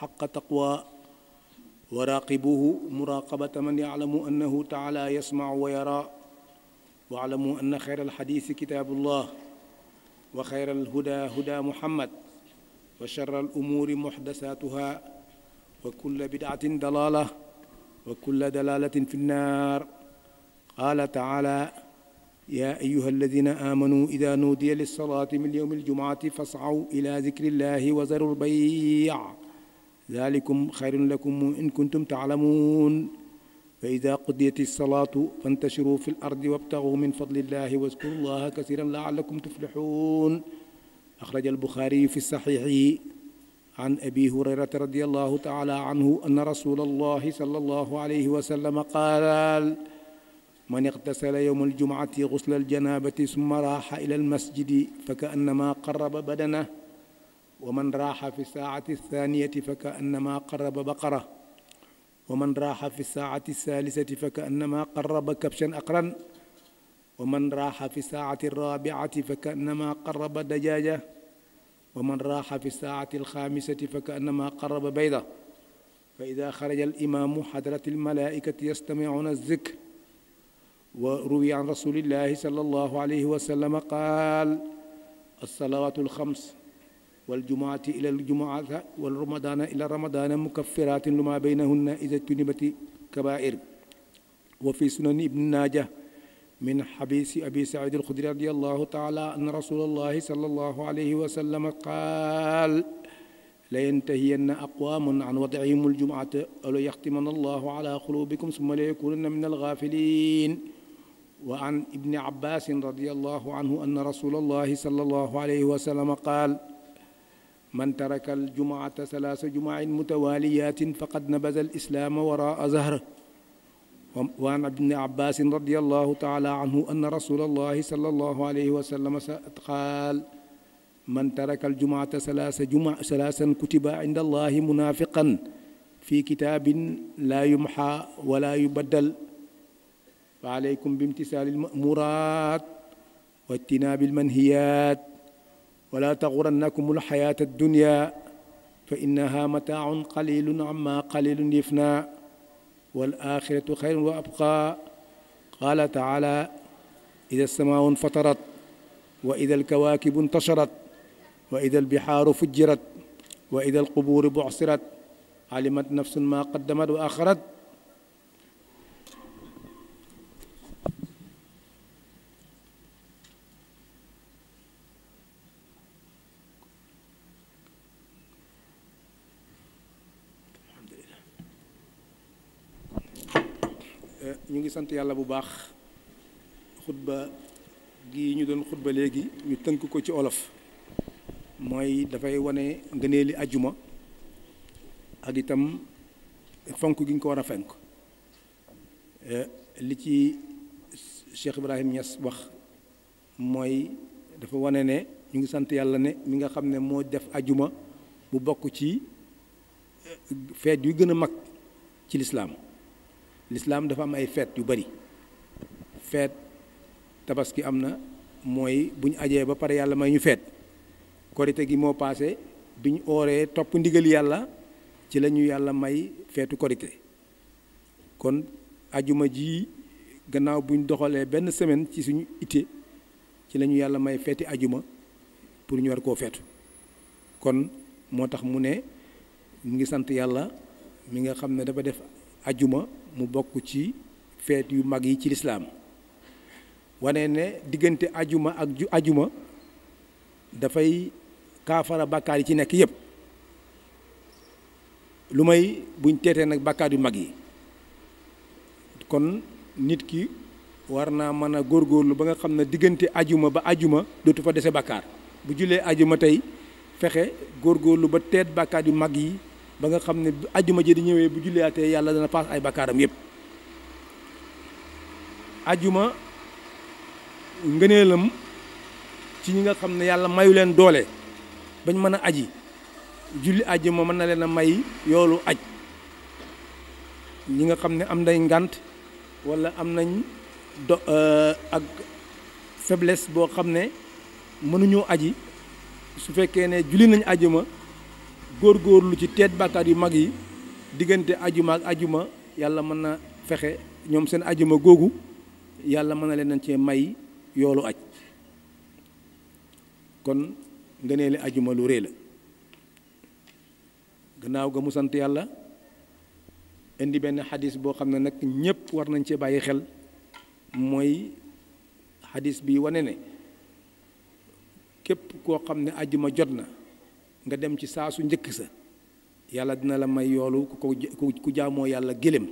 xaqa taqwa wa raaqibuhu muraqabata man yaalamu annahu taala yasmacu wa yara wa alamu anna xayra alxadisi kitaabullah wa xayra alhuda huda muhammad wa charra alumuuri muxdasaatuha wa kulla bidcatin dalaala wa kulla dalaalatin fi nnaar qaala taala yaa ayuha alladina aamanuu ida nuudiya lilsalaati min yowmi aljumuati fascaw ila dikri llahi wa zaru lbayc dalikum xayrun lakum in kuntum taalamuun fa ida qudiyat alsalaatu fantashiruu fi l ardi wabtaxuu min fadlillahi waskuru llaha kasiran laalakum tuflixuun axraja albuxaariyu fi saxiixi an abi hurayrata radiallahu taala anhu anna rasula allahi sala allahu alayhi wa sallama qaal man ixtasala yowma aljumuati gusla aljanabati summa raaxa ila almasjidi fa kaannama qaraba badana wa man raaxa fi saacati altaaniyati fa ka annama qaraba baqara wa man raaxa fi saacati alsaalisati fa ka annama qaraba kabshan aqran wa man raaxa fi saacati alraabiati fa ka annama qaraba dajaaja wa man raaxa fi saacati alxaamisati fa ka annama qaraba bayda fa ida xaraja alimaamu xadrat almalaaikati yastamicuuna alzikr wa ruwiya an rasulillahi sal allahu alayhi wa sallama qaal alsalawaatu alxams والجمعة إلى الجمعة والرمضان إلى رمضان مكفرات لما بينهن إذا اجتنبت كبائر وفي سنن ابن ناجه من حديث أبي سعيد الخدري رضي الله تعالى أن رسول الله صلى الله عليه وسلم قال لينتهين أقوام عن وضعهم الجمعة وليختمن الله على قلوبكم ثم ليكونن من الغافلين وعن ابن عباس رضي الله عنه أن رسول الله صلى الله عليه وسلم قال man taraka aljumaata salaasa jumaain mutawaliyatin faqad nabaza alislaama waraa zahra wa an ibni abbasin radi allahu taala anhu anna rasula allahi sal allahu alayhi wa sallam qaal man taraka aljumaata salaasa juma salaasan kutiba inda allahi munaafiqan fi kitaabin laa yumxaa wala yubaddal wa aleykum bimtisaali almamuraat wa ijtinaabi almanhiyaat wala taxurannakum alxayaata addunya fa innaha mataaun qalilun amma qalilun yifna wal axiratu xayrun wa abqa qaala taala ida alsamaau infatarat wa ida alkawaakibu intasharat wa ida albixaaru fujjirat wa ida alqubuuru buxsirat alimat nafsun ma qaddamat wa axarat Eh, ñu ngi sant yàlla bu baax xutba gi ñu doon xutba léegi ñu tënk ko ci olof mooy dafay wane ngëneeli ajjuma ak itam fonk gi ñu ko war a fenk eh, li ci Cheikh Ibrahim ñas wax mooy dafa wane ne ñu ngi sant yàlla ne mi nga xam ne moo def ajjuma bu bokk ci eh, feet yu gën a mag ci lislaam lislaam dafa am ay feet yu bari feet tabaski am na mooy bu ajee ba pare yàlla may ñu feet korite gi moo paase bi ñu ooree topp ndigal yàlla ci lañu yàlla may feetu korite kon ajuma ji gannaaw buñ doxalee benn semaine ci suñu ite ci lañu yàlla may feeti ajuma pour ñu war koo feetu kon moo tax mu ne mu ngi sant yàlla mi nga xam ne dafa def ajuma mu bokk ci feet yu mag yi ci lislaam wane ne diggante ajuma ak ju ajuma dafay kaafara bàkkaar yi ci nekk yépp lu may buñ teetee nag bàkkaar yu mag yi kon nit ki war naa mën a góorlu ba nga xam ne diggante ajuma ba ajuma dootu fa dese bàkkaar bu jullee ajuma tey fexe góor góorlu ba teet bàkkaar yu mag yi ba nga xam ne ajjuma ji di ñëwee bu julliyaatee yàlla dana paas ay bakkaaram yépp ajjuma ngëneelam ci ñi nga xam ne yàlla mayu leen doole bañ mën a aji julli ajjuma mën na leen a may yoolu aj ñi nga xam ne am nañ ngànt wala am nañ do euh, ak faiblesse boo xam ne mënuñoo aji su fekkee ne julli nañ ajjuma góor góorlu ci teet bàkkaat yu mag yi diggante ajuma ak ajuma yàlla mën na fexe ñoom seen ajuma googu yàlla mën na leen cee may yoolu aj kon ngëneeli ajuma lu rëy la gannaaw ga mu sant yàlla indi benn xadis boo xam ne nag ñépp war nañ cee bàyyi xel mooy xadis bii wane ne képp koo xam ne ajuma jot na nga dem ci saasu njëkk sa yàlla dina la may yoolu ku ko ku jaamoo yàlla gëléem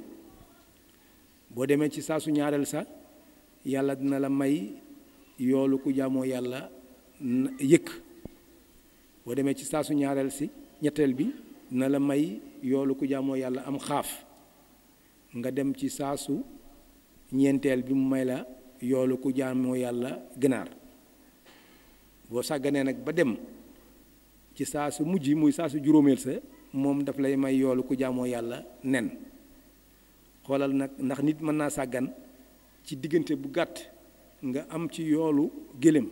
boo demee ci saasu su ñaareel yàlla dina la may yoolu ku yàlla yëkk boo demee ci saa su ñaareel si ñetteel bi dina la may yoolu ku jaamoo yàlla am xaaf nga dem ci saasu ñeenteel bi mu may la yoolu ku jaamoo yàlla ganaar boo sàgganee nag ba dem saa su mujj muy saa su juróomeel sa moom daf lay may yoolu ku jaamoo yàlla nen xoolal nag ndax nit mën naa sàggan ci diggante bu gàtt nga am ci yoolu gëléem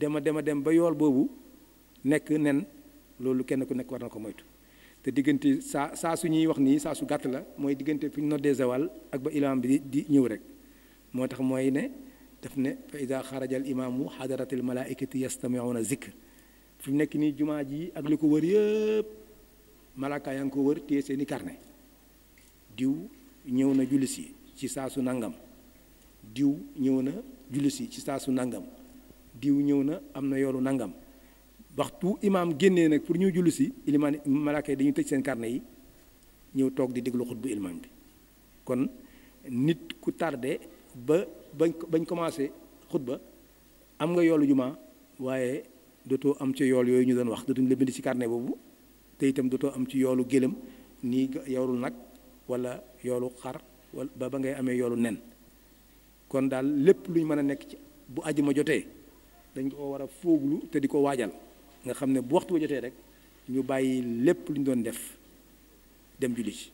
dema dema dem ba yool boobu nekk nen loolu kenn ku nekk war na ko moytu te diggante saa saa su ñuy wax nii saa su gàtt la mooy diggante fi ñu noddee zawal ak ba imaam bi di ñëw rek moo tax mooy ne daf ne fa ida xarajal imaamu xadaratil malaikati yastamiuna zikr fi nekk nii jumaa ji ak li ko wër yëpp malaaka yaa ngi ko wër téye seeni karne diw ñëw na julli yi ci saasu nangam diw ñëw na julli si ci saasu nangam diw ñëw na am na yoolu nangam waxtu imaam génnee nag pour ñu julli si ilimaan malaaka yi dañuy tëj seen carnet yi ñëw toog di déglu xutbu ilimaan bi kon nit ku tardé ba bañ bañ commencé xutba am nga yoolu jumaa waaye dootoo am ci yool yooyu ñu doon wax dootuñ la bind ci karne boobu te itam dootoo am ci yoolu gëlëm nii yoolu nag walla yoolu xar wala ba ba ngay amee yoolu nen kon daal lépp luñ mën a nekk ci bu àjjuma jotee dañ ko war a fooglu te di ko waajal nga xam ne bu waxtu ba jotee rek ñu bàyyi lépp lu ñu doon def dem julli ci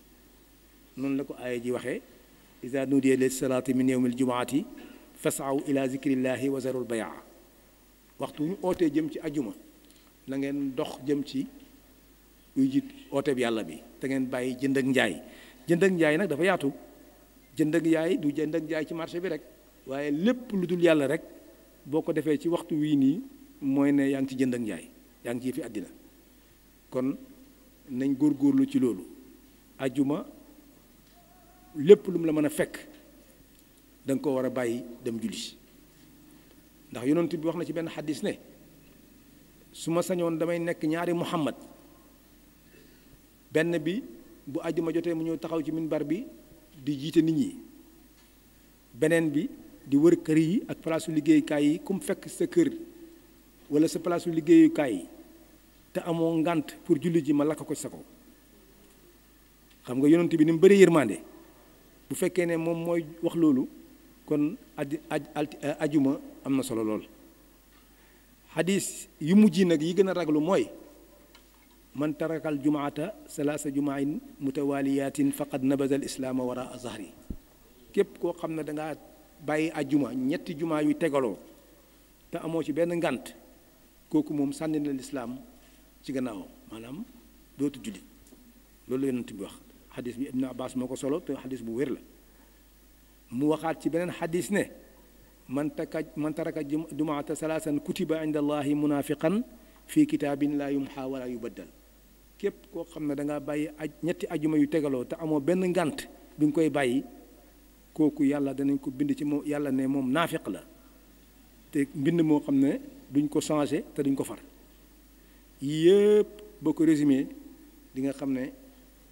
noonu la ko aaya ji waxee iza nudiya lis salaati min yawmil jumaati fasaw ila zikrillahi wa zarul bayaa waxtu wu ñu ootee jëm ci ajuma na ngeen dox jëm ci uy ji bi yàlla bi te ngeen bàyyi jënd ak njaay jënd njaay nag dafa yaatu jënd ak njaay du jënd ak njaay ci marché bi rek waaye lépp lu dul yàlla rek boo ko defee ci waxtu wii nii mooy ne yaa ngi ci jënd ak njaay yaa ngi ci fi àddina kon nañ góor góorlu ci loolu ajuma lépp lu mu la mën a fekk da ko war a bàyyi dem julli ndax yonent bi wax na ci benn xadis ne su ma sañoon damay nekk ñaari muhammad benn bi bu àjjuma jotee mu ñëw taxaw ci min bar bi di jiite nit ñi beneen bi di wër kër yi ak palaasu liggéeyukaay yi ku mu fekk sa kër wala sa palaasu liggéeyukaay yi te amoo ngànt pour julli ji ma lakk ko sa kaw xam nga yonent bi ni mu bëri yërmande bu fekkee ne moom mooy wax loolu kon aj eh, ajuma am na solo lool xadis yu mujj nag yi gën a raglu mooy man tarakal jumaata salaasa jumaain mutawaliyaatin faqad nabazal islaama waraa zahri képp koo xam ne danga bàyyi ajuma ñetti jumaa yu tegaloo te amoo ci benn ngànt kooku moom sànni na lislaam ci gannaawam maanaam dootu julli loolu la yonent bi wax xadis bi ibnu abbas moo ko solo te xadis bu wér la mu waxaat ci beneen xadis ne man taka man taraka jumaata salaasan kutiba inda allahi munafiqan fii kitaabin laa yu yumxaa wala yubaddal képp koo xam ne danga bàyyi aj ñetti ajuma yu tegaloo te amoo benn ngant bi koy bàyyi kooku yàlla danañ ko bind ci moom yàlla ne moom naafiq la te mbind moo xam ne duñ ko changé te duñ ko far yépp boo ko résumé di nga xam ne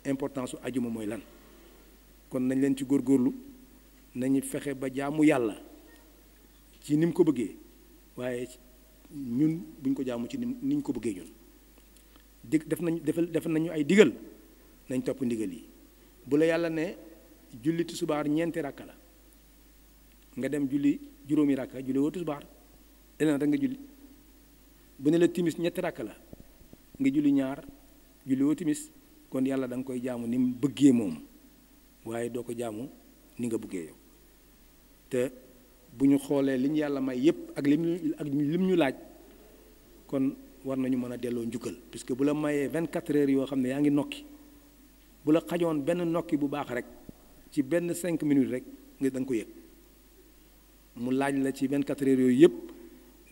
importance su ajuma mooy lan kon nañ leen ci góor góorlu nañu fexe ba jaamu yàlla ci ni mu ko bëggee waaye ñun bu ñu ko jàmm ci ni ñu ko bëggee ñun dig def nañ defal def nañu ay digal nañ topp ndigal yi bu la yàlla ne julli tisbaar ñeenti ràkka la nga dem julli juróomi ràkka julli woo tisbaar leneen rek nga julli bu ne la timis ñetti ràkka la nga julli ñaar julli woo timis kon yàlla danga koy jaamu ni mu bëggee moom waaye doo ko jaamu ni nga bëggee yow te bu ñu xoolee li ñu yàlla may yépp ak lim ñu laaj kon war nañu mën a delloo njukkal puisque bu la mayee 24 heures yoo xam ne yaa ngi nokki bu la xajoon benn nokki bu baax rek ci benn cinq minutes rek nga da ko yëg mu laaj la ci 24 heures yooyu yëpp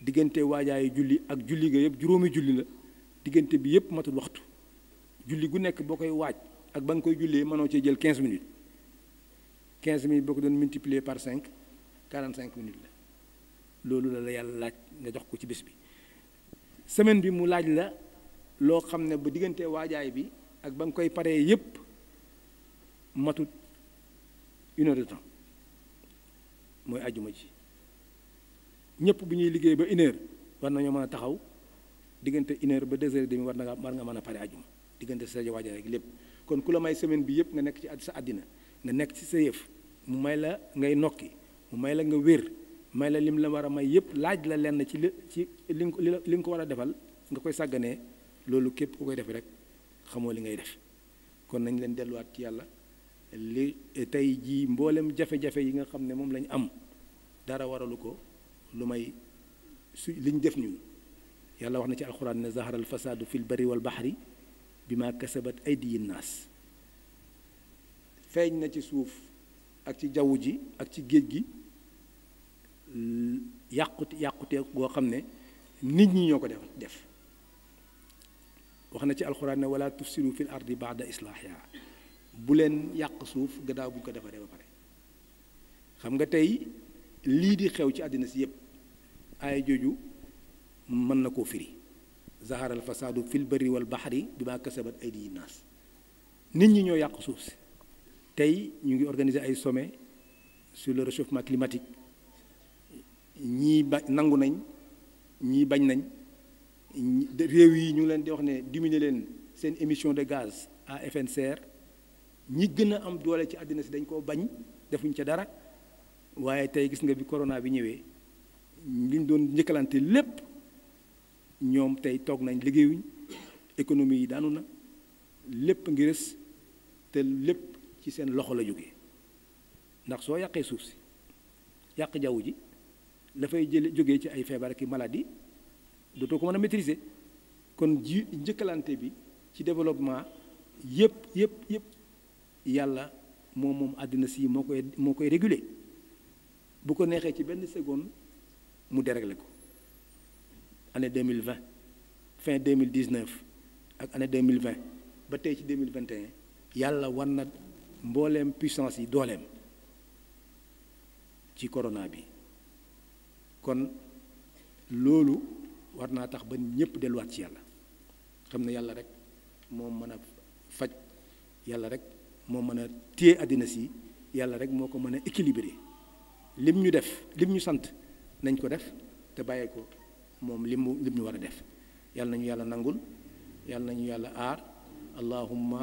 diggante waajaayu julli ak julli ga yëpp juróomi julli la diggante bi yëpp matul waxtu julli gu nekk boo koy waaj ak ba nga koy jullee mënoo cee jël quinze minutes quinze minutes boo ko doon multiplier par 5. 45 minutes la loolu la la yàlla laaj nga jox ko ci bis bi semaine bi mu laaj la loo xam ne ba diggante waajaay bi ak ba nga koy paree yépp matut une heure de temps mooy àjjuma ji ñëpp bu ñuy liggéey ba une heure war nañoo mën a taxaw diggante une heure ba deux heures et demie war na nga mën a pare àjjuma diggante sa waajaay ak lépp kon ku la may semaine bi yépp nga nekk ci sa àddina nga nekk ci sa yëf mu may la ngay nokki mu may la nga wér may la lim la war a may yëpp laaj la lenn ci li ci li nga li nga ko war a defal nga koy sàgganee loolu képp ku koy def rek xamoo li ngay def kon nañ leen delluwaat ci yàlla li tey jii mboolem jafe-jafe yi nga xam ne moom lañu am dara waralu ko lu may su liñ def ñun yàlla wax na ci alxuraan ne zahara al fasaadu fil bari wal baxri bi ma kasabat aydiyi naas feeñ na ci suuf ak ci jaww ji ak ci géej gi yàqute yàqute goo xam ne nit ñi ñoo ko def def wax na ci alxuraan ne wala tufsidu fil ardi baada islaahiha bu leen yàq suuf gannaaw bu ko defaree ba pare xam nga tey lii di xew ci àddina si yépp aaya jooju mën na ko firi zahara al fasaadu fil barri wal baxri bi maa kasabat aydi naas nit ñi ñoo yàq suuf si tey ñu ngi organiser ay some sur le réchauffement climatique ñii ba nangu nañ ñii bañ nañ réew yi ñu ngi leen di wax ne diminuer leen seen émission de gaz à effet de ñi gën a am doole ci àddina si dañ koo bañ defuñ ca dara waaye tey gis nga bi corona bi ñëwee liñ doon njëkkalante lépp ñoom tey toog nañ liggéeyuñ économie yi daanu na lépp ngi rës te lépp ci seen loxo la jóge ndax soo yàqee suuf si yàq jaww ji dafay jële jóge ci ay feebar ki maladie dootoo ko mën a maîtriser kon ji njëkkalante bi ci développement yëpp yëpp yëpp yàlla moom moom àddina si moo koy moo koy réguler bu ko neexee ci benn seconde mu dérégle ko année 2020 fin 2019 ak anne mille 2020 ba tey ci mille 2021 yàlla war na mbooleem puissance yi dooleem ci corona bi kon loolu war naa tax ba ñëpp delluwaat ci yàlla xam ne yàlla rek moo mën a faj yàlla rek moo mën a téye àddina si yàlla rek moo ko mën a équilibré lim ñu def lim ñu sant nañ ko def te bàyyee ko moom lim mu lim ñu war a def yàlla nañu yàlla nangul yàlla nañu yàlla aar allahumma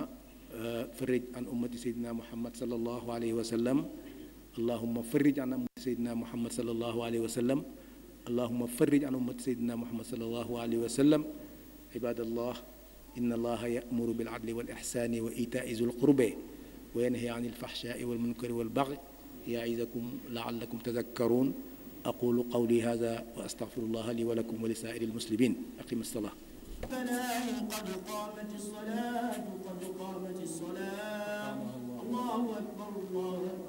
euh, farij an ummati sayyidina muhammad sallallahu alayhi wa sallam allahuma farrij an ummati seydina muhammad salallahu alayhi wa sallam allahuma farrij an ummati seydina muhammad salallahu alayhi wa sallam ibadallah inna allaha yamuru bil adli wal ihsani wa itaai zul qurbe wa yanhi an alfahshai wal munkari wal baghi yaizakum laallakum tadakkarun aqulu qawli hada wa astagfirullaha li wa lakum wa li saa'iri almuslimin aqim alsalaa قد قامت الصلاة قد قامت الصلاة الله أكبر الله أكبر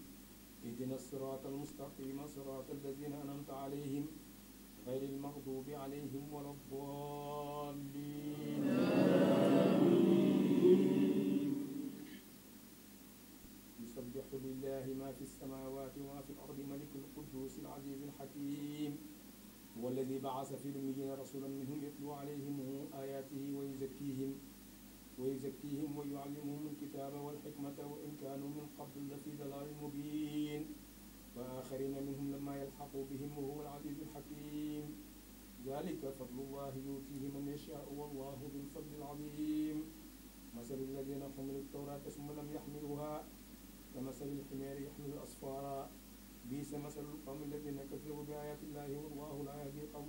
اهدنا الصراط المستقيم صراط الذين أنعمت عليهم غير المغضوب عليهم ولا الضالين يسبح لله ما في السماوات وما في الأرض ملك القدوس العزيز الحكيم هو الذي بعث في الأميين رسولا منهم يتلو عليهم آياته ويزكيهم ويزكيهم ويعلمهم الكتاب والحكمة وإن كانوا من قبل لفي ضلال ذلك فضل الله يؤتيه من يشاء والله ذو الفضل العظيم مثل الذين حملوا التوراة ثم لم يحملوها كمثل الحمير يحمل أسفارا بئس مثل القوم الذين كفروا بآيات الله والله لا يهدي القوم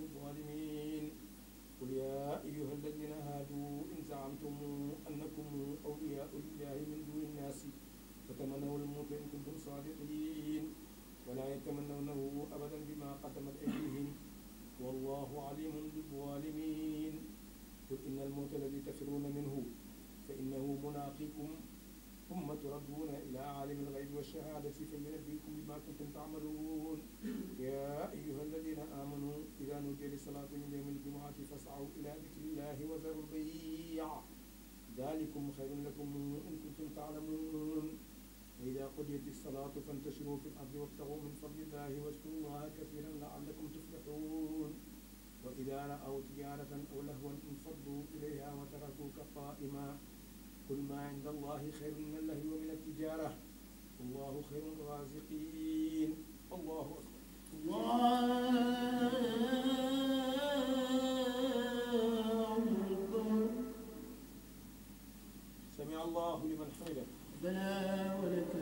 دارا أو تجارة أو لهوا انفضوا إليها وتركوك قائما قل ما عند الله خير من اللهو ومن التجارة والله خير الرازقين الله أكبر الله أكبر سمع الله لمن حمده ربنا ولك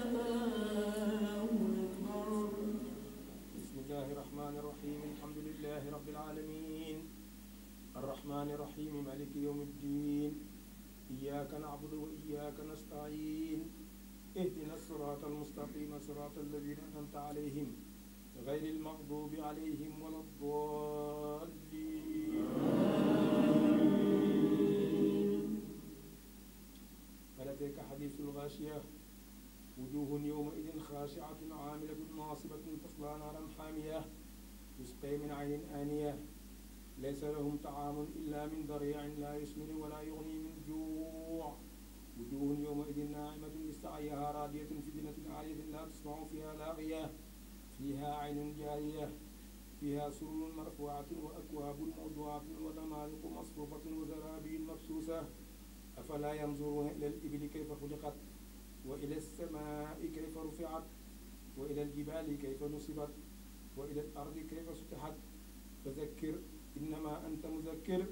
الرحمن الرحيم مالك يوم الدين إياك نعبد وإياك نستعين اهدنا الصراط المستقيم صراط الذين أنعمت عليهم غير المغضوب عليهم ولا الضالين فلديك حديث الغاشية وجوه يومئذ خاشعة عاملة ناصبة تصلى نارا حامية تسقي من عين آنية laysa lahum taamun illa min dariin la yusminu wala yugni min juu wujuhun yawma idin naaimatun lisaayaha raadiyatun fi jannatin aaliyatin la tasmau fiha laaqiya fiha aynun jaariya fiha sururun marfuatun wa akwaabun mawduatun wa namaariqu masfuufatun wa zaraabiyu mabsuusa afalaa yanzuruuna ila al-ibili kayfa xuliqat wa ila as-samaai kayfa rufiat wa ila al-jibaali kayfa nusibat wa ila al-ardi kayfa sutihat fa zakkir innama anta mudakkir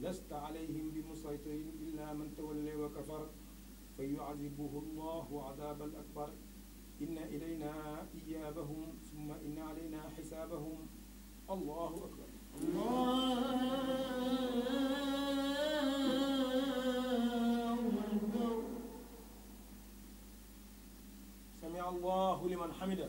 lasta alayhim bi musaytirin illa man tawalla wa kafar fa yuadibuhu llahu adaba al akbar inna ilayna iyaabahum summa inna alayna xisaabahum allahu akbar sami allahu liman xamida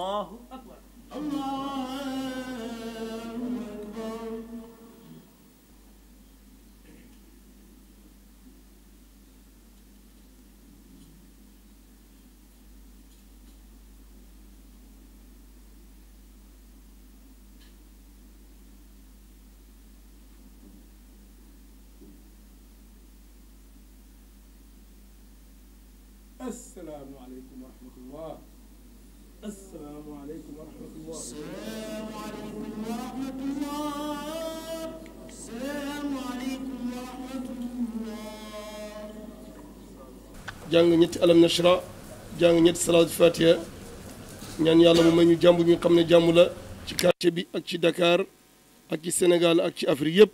asalaamualeykum wa rahmatullah asalaamualeykum wa rahmatullah asalaamualeykum wa rahmatullah ñetti alam nashra jàng ñetti salaatul fatiha ñaan yàlla mu may ñu jàmm ñu xam ne jàmm ci quartier bi ak ci Dakar ak ci Sénégal ak ci Afrique yëpp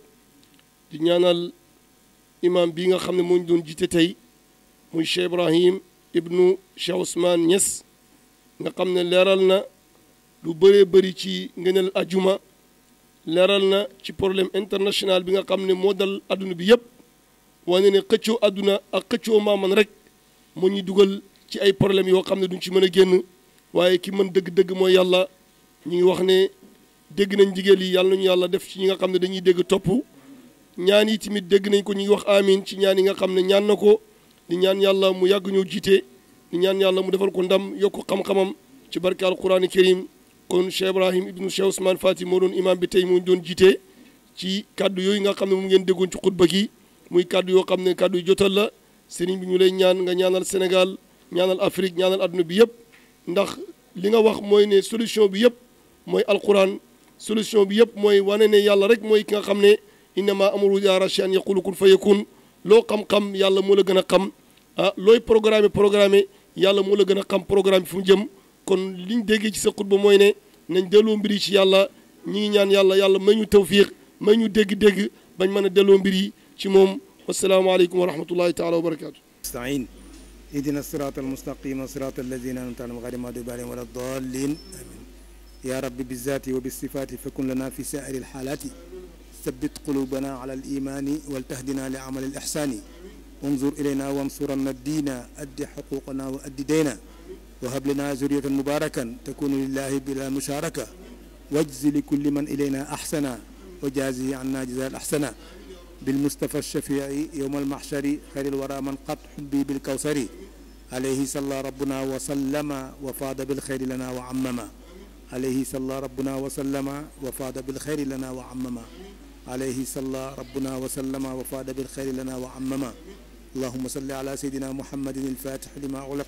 di ñaanal imam bi nga xam ne moo doon jiite tey muy Cheikh Ibrahim ibnu Cheikh Ousmane ñes nga xam ne leeral na lu bëree bari ci ngëneel ajuma leeral na ci problème international bi nga xam ne moo dal adduna bi yëpp wane ne xëccoo adduna ak xëccoo maaman rek moo ñuy dugal ci ay problèmes yoo xam ne duñ ci mën a génn waaye ki mën dëgg-dëgg mooy yàlla ñu ngi wax ne dégg nañ jigéen yi yàlla nañu yàlla def ci ñi nga xam ne dañuy dégg topp ñaan yi tamit dégg nañ ko ñu ngi wax amin ci ñaan yi nga xam ne ñaan na ko di ñaan yàlla mu yàgg ñoo jiite di ñaan yàlla mu defal ko ndam yokk xam-xamam ci barke alquraan karim kon Cheikh Ibrahim ibnu Cheikh Ousmane Fati moo doon imam bi tey mu doon jiite ci kàddu yooyu nga xam ne moom ngeen déggoon ci xutba gi muy kàddu yoo xam ne kàddu yu jotal la sëriñ bi ñu lay ñaan nga ñaanal Sénégal ñaanal Afrique ñaanal adduna bi yëpp ndax li nga wax mooy ne solution bi yëpp mooy alquran solution bi yëpp mooy wane ne yàlla rek mooy ki nga xam ne innama amru ida rasha an yaqulu kun loo xam-xam yàlla moo la gën a xam ah looy programme programme yàlla moo la gën a xam programme fu mu jëm kon liñ déggee ci sa xutba mooy ne nañ delloo mbir yi ci yàlla ñi ngi ñaan yàlla yàlla may ñu tawfiq may ñu dégg-dégg bañ mën a delloo mbir yi ci moom wasalaamaaleykum wa rahmatullahi taala wa barakaatu astain ihdina sirata almustaqima sirata alladina anamta alayhim gayri magdubi alayhim wala dalin amin ya rabbi bizati wa bisifati fakun lana fi sairi alhalati sabbit qulubana ala al imaani wal tahdina li amali al ihsaani unzur ilayna wansurna diina addi xuquqana wa addi dayna wa hab lana zuriyatan mubarakan takunu lillahi bila musharaka wajzi li kulli man ilayna ahsana wa jaazihi anna jazaa al ahsana bil mustafa shafi'i yawma al mahshari xayril wara man qad hubbi bil kawsari alayhi salla rabbuna wa sallama wa faada bil xayri lana wa ammama alayhi salla rabbuna wa sallama wa faada bil xayri lana wa ammama alayhi salla rabbuna wa sallama wa faada bil xayri lana wa ammama allahuma salli ala seydina muhammadin alfatix lima uliq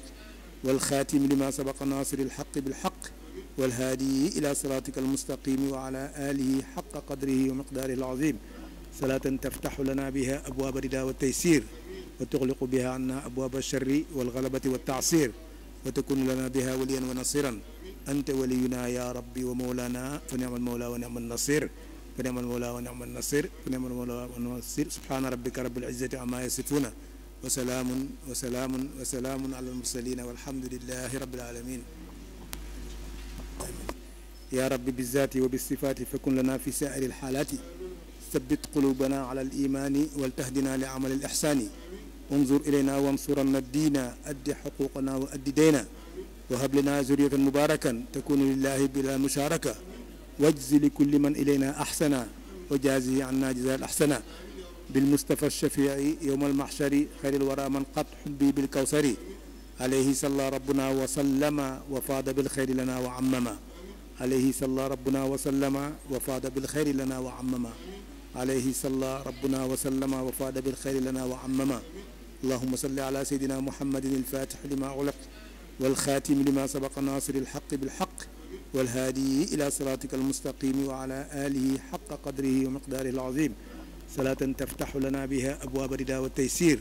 walxaatimi lima sabaqa nasiri alxaqi bilxaq walhaadii ila siraatika almustaqimi wa ala alihi xaqa qadrihi wa miqdaarihi alazim salaatan taftaxu lana biha abwaaba rida wa taysir wa tuxliqu biha anna abwaaba alcharri walgalabati waltacsir wa takunu lana biha waliyan wa nasiran anta waliyuna ya rabbi wa mawlana fa nicma almawla wa nicma alnasir fa ni'mal mawla wa ni'man nasir fa ni'mal mawla wa ni'man nasir subhana rabbika rabbil izzati amma yasifuna wa salaamun wa salaamun wa salaamun ala al-mursalin walhamdulillahi rabbil alamin ya rabbi bizzaati wa bisifaati fakun lana fi saa'iri alxaalaati sabbit qulubana ala alimaani waltahdina li amali alixsaani انظر إلينا وانصرنا الدين أد حقوقنا وأد دينا وهب لنا ذرية مباركا تكون لله بلا مشاركة wajzi li kulli man ilayna ahsana wa jaazihi anna jazaal ahsana بالمصطفى الشفيع يوم المحشر خير الورى من قد حبي بالكوثر عليه صلى ربنا وسلم وفاد بالخير لنا وعمما عليه صلى ربنا وسلم وفاد بالخير لنا وعمما عليه صلى ربنا وسلم وفاد بالخير لنا وعمما اللهم صل على سيدنا محمد الفاتح لما أغلق والخاتم لما سبق ناصر الحق بالحق والهادي إلى صراطك المستقيم وعلى آله حق قدره ومقداره العظيم صلاة تفتح لنا بها أبواب الردى والتيسير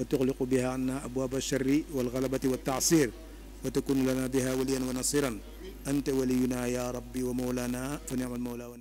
وتغلق بها عنا أبواب الشر والغلبة والتعصير وتكون لنا بها وليا ونصيرا أنت ولينا يا ربي ومولانا فنعم المولى ونعم